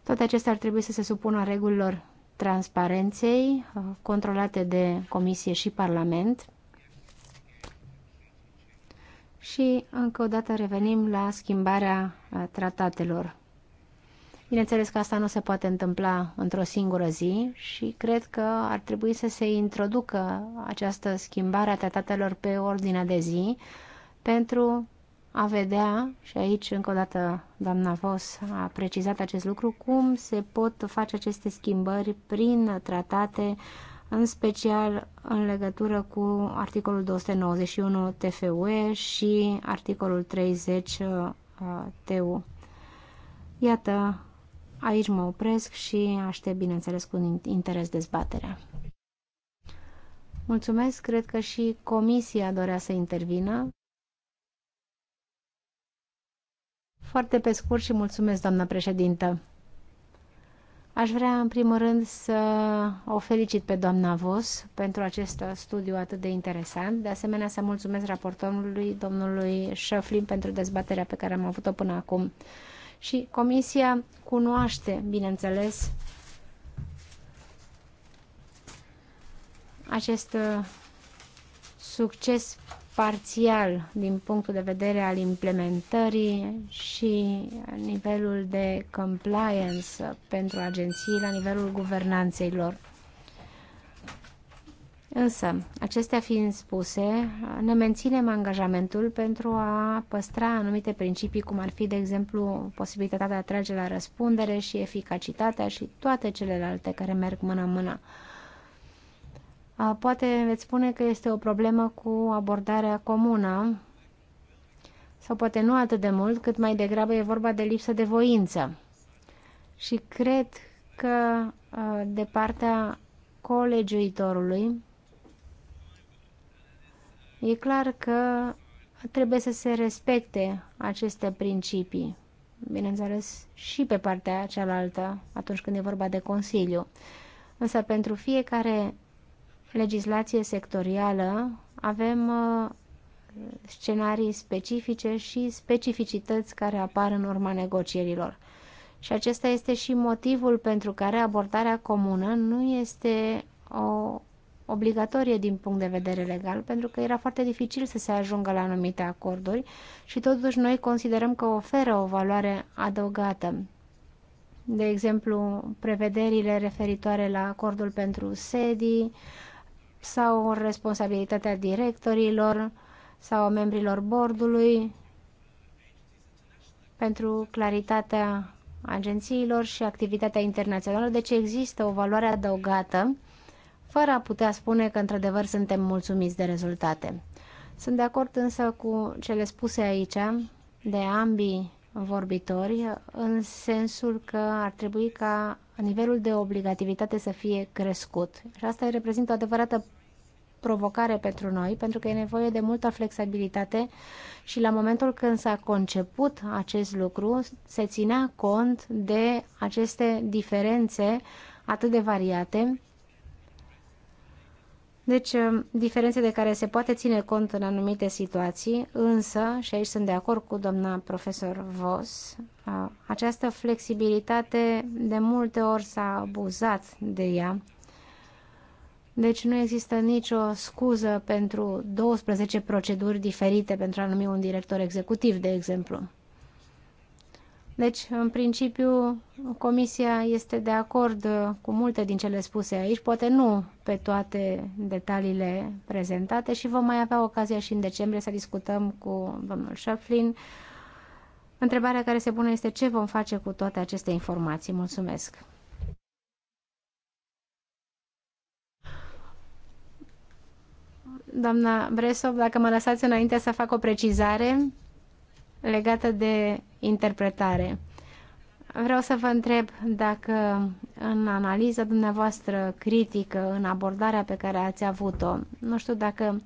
Toate acestea ar trebui să se supună regulilor transparenței, uh, controlate de Comisie și Parlament, și încă o dată revenim la schimbarea uh, tratatelor. Bineînțeles că asta nu se poate întâmpla într-o singură zi și cred că ar trebui să se introducă această schimbare a tratatelor pe ordinea de zi pentru a vedea, și aici încă o dată doamna Vos a precizat acest lucru, cum se pot face aceste schimbări prin tratate uh, în special în legătură cu articolul 291 TFUE și articolul 30 uh, TU. Iată, aici mă opresc și aștept, bineînțeles, cu interes dezbaterea. Mulțumesc, cred că și comisia dorea să intervină. Foarte pe scurt și mulțumesc, doamna președintă. Aș vrea, în primul rând, să o felicit pe doamna Vos pentru acest studiu atât de interesant. De asemenea, să mulțumesc raportorului, domnului Șăflin, pentru dezbaterea pe care am avut-o până acum. Și comisia cunoaște, bineînțeles, acest succes parțial din punctul de vedere al implementării și nivelul de compliance pentru agenții la nivelul guvernanței lor. Însă, acestea fiind spuse, ne menținem angajamentul pentru a păstra anumite principii, cum ar fi, de exemplu, posibilitatea de a trage la răspundere și eficacitatea și toate celelalte care merg mână-mână. -mână. mână mână Poate veți spune că este o problemă cu abordarea comună sau poate nu atât de mult, cât mai degrabă e vorba de lipsă de voință. Și cred că de partea colegiuitorului e clar că trebuie să se respecte aceste principii, bineînțeles și pe partea cealaltă atunci când e vorba de Consiliu. Însă pentru fiecare legislație sectorială, avem uh, scenarii specifice și specificități care apar în urma negocierilor. Și acesta este și motivul pentru care abordarea comună nu este o obligatorie din punct de vedere legal, pentru că era foarte dificil să se ajungă la anumite acorduri și totuși noi considerăm că oferă o valoare adăugată. De exemplu, prevederile referitoare la acordul pentru sedii, sau responsabilitatea directorilor sau a membrilor bordului pentru claritatea agențiilor și activitatea internațională. Deci există o valoare adăugată fără a putea spune că într-adevăr suntem mulțumiți de rezultate. Sunt de acord însă cu cele spuse aici de ambii vorbitori în sensul că ar trebui ca nivelul de obligativitate să fie crescut. Și asta reprezintă o adevărată provocare pentru noi, pentru că e nevoie de multă flexibilitate și la momentul când s-a conceput acest lucru, se ținea cont de aceste diferențe atât de variate deci, um, diferențe de care se poate ține cont în anumite situații, însă, și aici sunt de acord cu doamna profesor Vos, uh, această flexibilitate de multe ori s-a abuzat de ea. Deci nu există nicio scuză pentru 12 proceduri diferite pentru a numi un director executiv, de exemplu. Deci, în principiu, Comisia este de acord uh, cu multe din cele spuse aici, poate nu pe toate detaliile prezentate și vom mai avea ocazia și în decembrie să discutăm cu domnul Șaflin. Întrebarea care se pune este ce vom face cu toate aceste informații. Mulțumesc! Doamna Bresov, dacă mă lăsați înainte să fac o precizare, legată de interpretare. Vreau să vă întreb dacă în analiza dumneavoastră critică, în abordarea pe care ați avut-o, nu știu dacă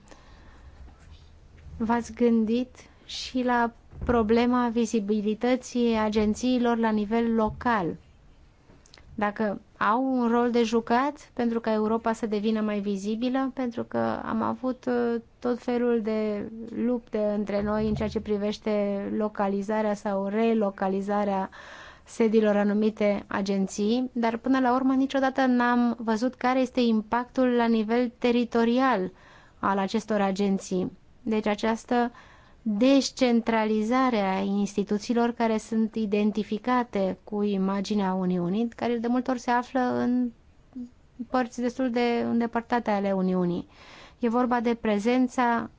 v-ați gândit și la problema vizibilității agențiilor la nivel local dacă au un rol de jucat pentru ca Europa să devină mai vizibilă, pentru că am avut uh, tot felul de lupte între noi în ceea ce privește localizarea sau relocalizarea sediilor anumite agenții, dar până la urmă niciodată n-am văzut care este impactul la nivel teritorial al acestor agenții. Deci această uh, descentralizare a instituțiilor care sunt identificate cu imaginea Uniunii, care de multe ori se află în părți destul de îndepărtate ale Uniunii. E vorba de prezența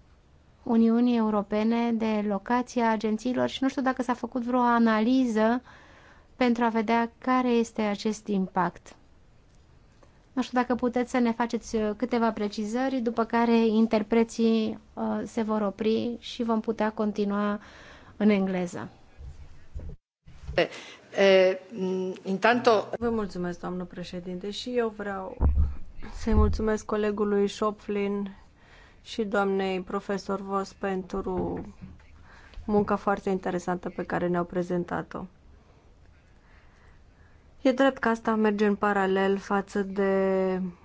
Uniunii Europene, de locația agențiilor și nu știu dacă s-a făcut vreo analiză pentru a vedea care este acest impact. Nu știu dacă puteți să ne faceți uh, câteva precizări, după care interpreții uh, se vor opri și vom putea continua în engleză. Eh, eh, mm, intanto... Vă mulțumesc, doamnă președinte, și eu vreau să-i mulțumesc colegului Șoplin și doamnei profesor Vos pentru munca foarte interesantă pe care ne-au prezentat-o. E drept că asta merge în paralel față de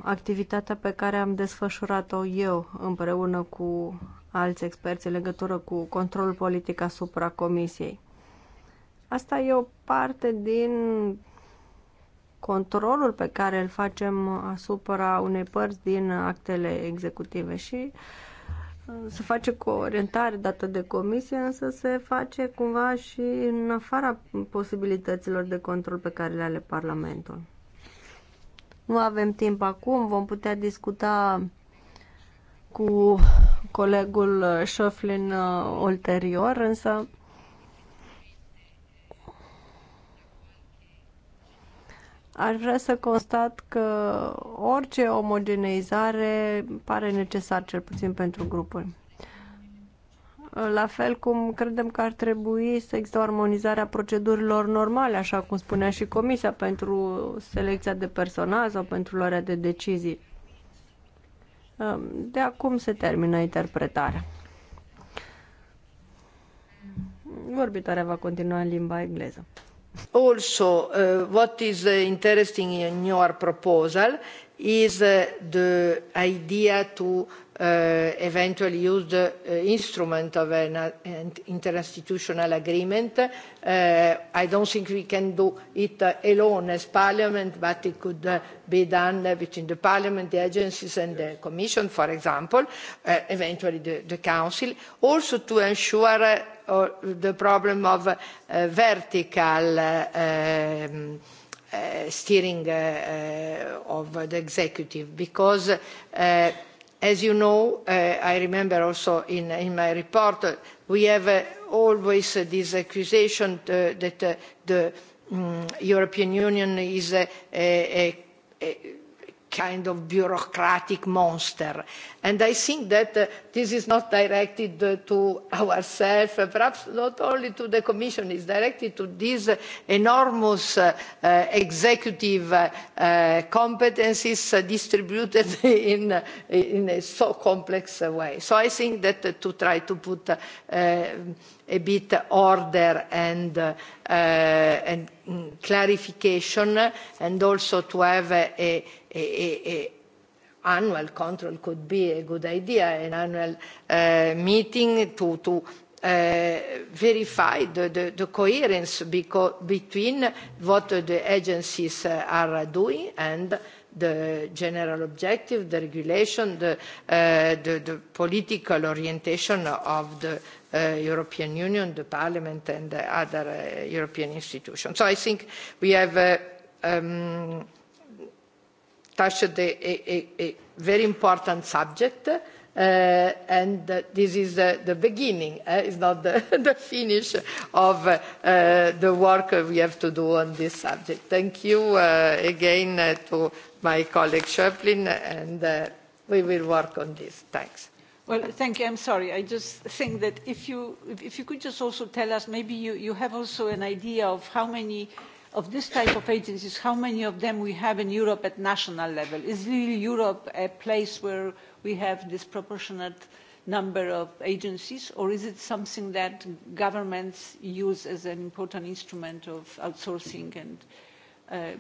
activitatea pe care am desfășurat-o eu împreună cu alți experți în legătură cu controlul politic asupra comisiei. Asta e o parte din controlul pe care îl facem asupra unei părți din actele executive și uh, se face cu o orientare dată de comisie, însă se face cumva și în afara posibilităților de control pe care le are Parlamentul. Nu avem timp acum, vom putea discuta cu colegul Șoflin uh, ulterior, însă Aș vrea să constat că orice omogeneizare pare necesar, cel puțin pentru grupuri. La fel cum credem că ar trebui să există o armonizare a procedurilor normale, așa cum spunea și Comisia, pentru selecția de personal sau pentru luarea de decizii. De acum se termină interpretarea. Vorbitoarea va continua în limba engleză. Also, uh, what is uh, interesting in your proposal is uh, the idea to Uh, eventually use the uh, instrument of an, an interinstitutional agreement. Uh, I don't think we can do it alone as Parliament, but it could be done between the Parliament, the agencies and the Commission, for example, eventually the, the Council, also to ensure the problem of uh, vertical uh, um, Uh, steering uh, uh, of the executive because uh, as you know i remember also in, in my report we have always this accusation that the um, european union is a, a, a, a kind of bureaucratic monster and i think that uh, this is not directed uh, to ourselves uh, perhaps not only to the commission It is directed to these enormous executive competences distributed in, a so complex way. so i think that to try to put a bit order and, mm, clarification and also to have a annual control could be a good idea, an annual uh, meeting to, to uh, verify the, the, the coherence between what the agencies uh, are doing and the general objective, the regulation, the, the, the political orientation of the Uh, European Union, the Parliament and the other uh, European institutions. So I think we have uh, um Touch a, a, a very important subject, uh, and uh, this is uh, the beginning, uh, it's not the, the finish of uh, the work we have to do on this subject. Thank you uh, again uh, to my colleague Schöplin, and uh, we will work on this. Thanks. Well, thank you. I'm sorry. I just think that if you, if you could just also tell us, maybe you, you have also an idea of how many of this type of agencies, how many of them we have in Europe at national level? Is really Europe a place where we have disproportionate number of agencies, or is it something that governments use as an important instrument of outsourcing? And uh,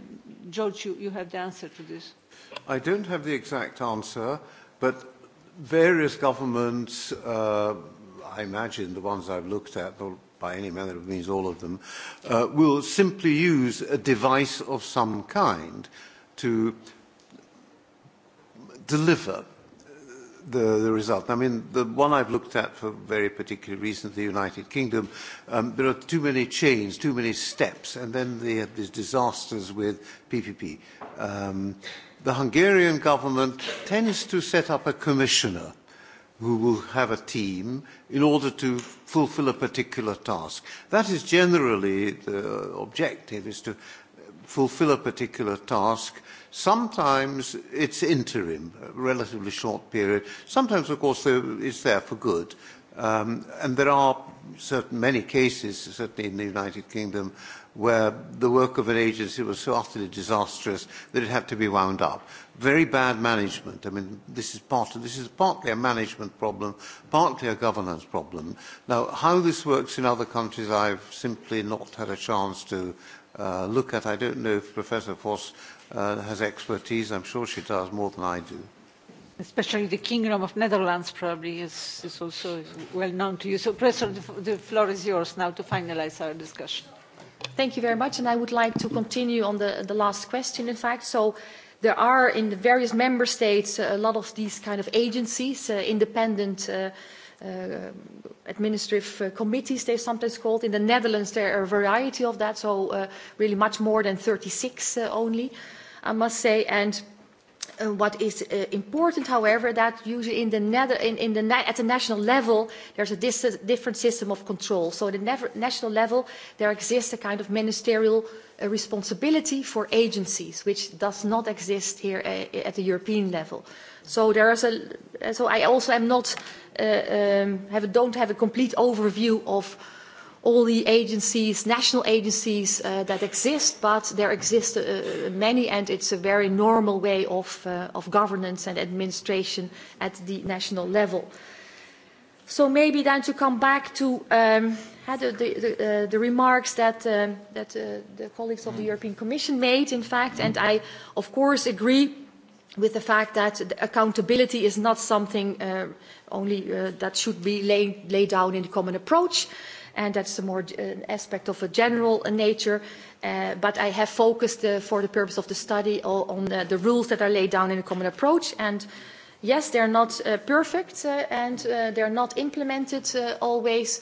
George, you, you have the answer to this. I don't have the exact answer, but various governments, uh, I imagine the ones I've looked at, the by any manner of means all of them, uh, will simply use a device of some kind to deliver the, the result. I mean, the one I've looked at for very particular reasons, the United Kingdom, um, there are too many chains, too many steps, and then they have these disasters with PPP. Um, the Hungarian government tends to set up a commissioner who will have a team in order to fulfill a particular task. That is generally the objective, is to fulfill a particular task. Sometimes it's interim, a relatively short period. Sometimes, of course, it's there for good. Um, and there are certain many cases, certainly in the United Kingdom, where the work of an agency was so utterly disastrous that it had to be wound up. Very bad management. I mean, this is, part of, this is partly a management problem, partly a governance problem. Now, how this works in other countries, I've simply not had a chance to uh, look at. I don't know if Professor Foss uh, has expertise. I'm sure she does more than I do especially the Kingdom of Netherlands probably is, is also well known to you. So, Professor, the floor is yours now to finalise our discussion. Thank you very much, and I would like to continue on the, the last question, in fact. So, there are in the various member states a lot of these kind of agencies, uh, independent uh, uh, administrative uh, committees, they're sometimes called. In the Netherlands, there are a variety of that, so uh, really much more than 36 uh, only, I must say. And Uh, what is uh, important, however, that usually in the nether, in, in the at the national level, there's a different system of control. So at the national level, there exists a kind of ministerial uh, responsibility for agencies, which does not exist here uh, at the European level. So there is a. So I also am not uh, um, have a, don't have a complete overview of all the agencies, national agencies uh, that exist, but there exist uh, many, and it's a very normal way of, uh, of governance and administration at the national level. So maybe then to come back to um, the, the, uh, the, remarks that, um, that uh, the colleagues of the European Commission made, in fact, and I, of course, agree with the fact that accountability is not something uh, only that should be laid, laid down in the common approach. Uh, and that's a more an uh, aspect of a general nature. Uh, but I have focused uh, for the purpose of the study on the, the, rules that are laid down in the common approach. And yes, they're not uh, perfect uh, and they're not implemented always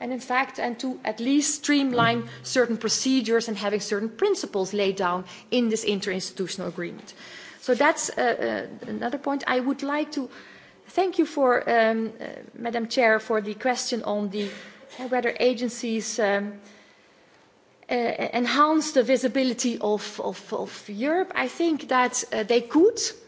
and in fact and to at least streamline certain procedures and having certain principles laid down in this interinstitutional agreement. So that's uh, uh, another point. I would like to thank you for, um, uh, Madam Chair, for the question on the, uh, whether agencies um, uh, enhance the visibility of, of, of, Europe. I think that uh, they could. Uh,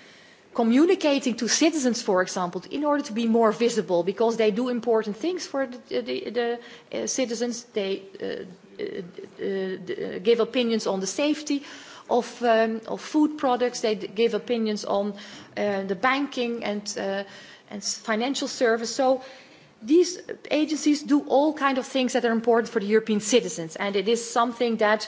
communicating to citizens, for example, in order to be more visible, because they do important things for the, the, the uh, citizens. They uh, uh, uh give opinions on the safety of, um, of food products. They give opinions on uh, the banking and, uh, and financial service. So these agencies do all kind of things that are important for the European citizens, and it is something that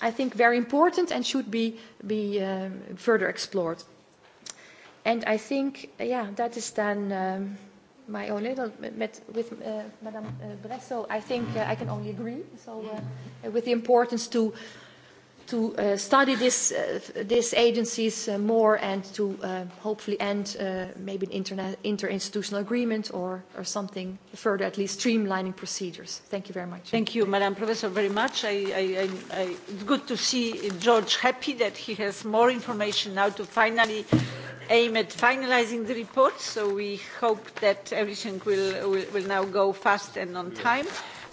I think, very important and should be, be uh, further explored. And I think, uh, yeah, that is then um, my own little, met, with uh, Madame uh, Bresso, I think uh, I can only agree so, uh, with the importance to to uh, study this, uh, these agencies uh, more and to uh, hopefully end uh, maybe an interinstitutional agreement or, or something further, at least streamlining procedures. Thank you very much. Thank you, Madam Professor, very much. I, I, I, it's good to see George happy that he has more information now to finally aim at finalizing the report, so we hope that everything will, will, will now go fast and on time. Yeah.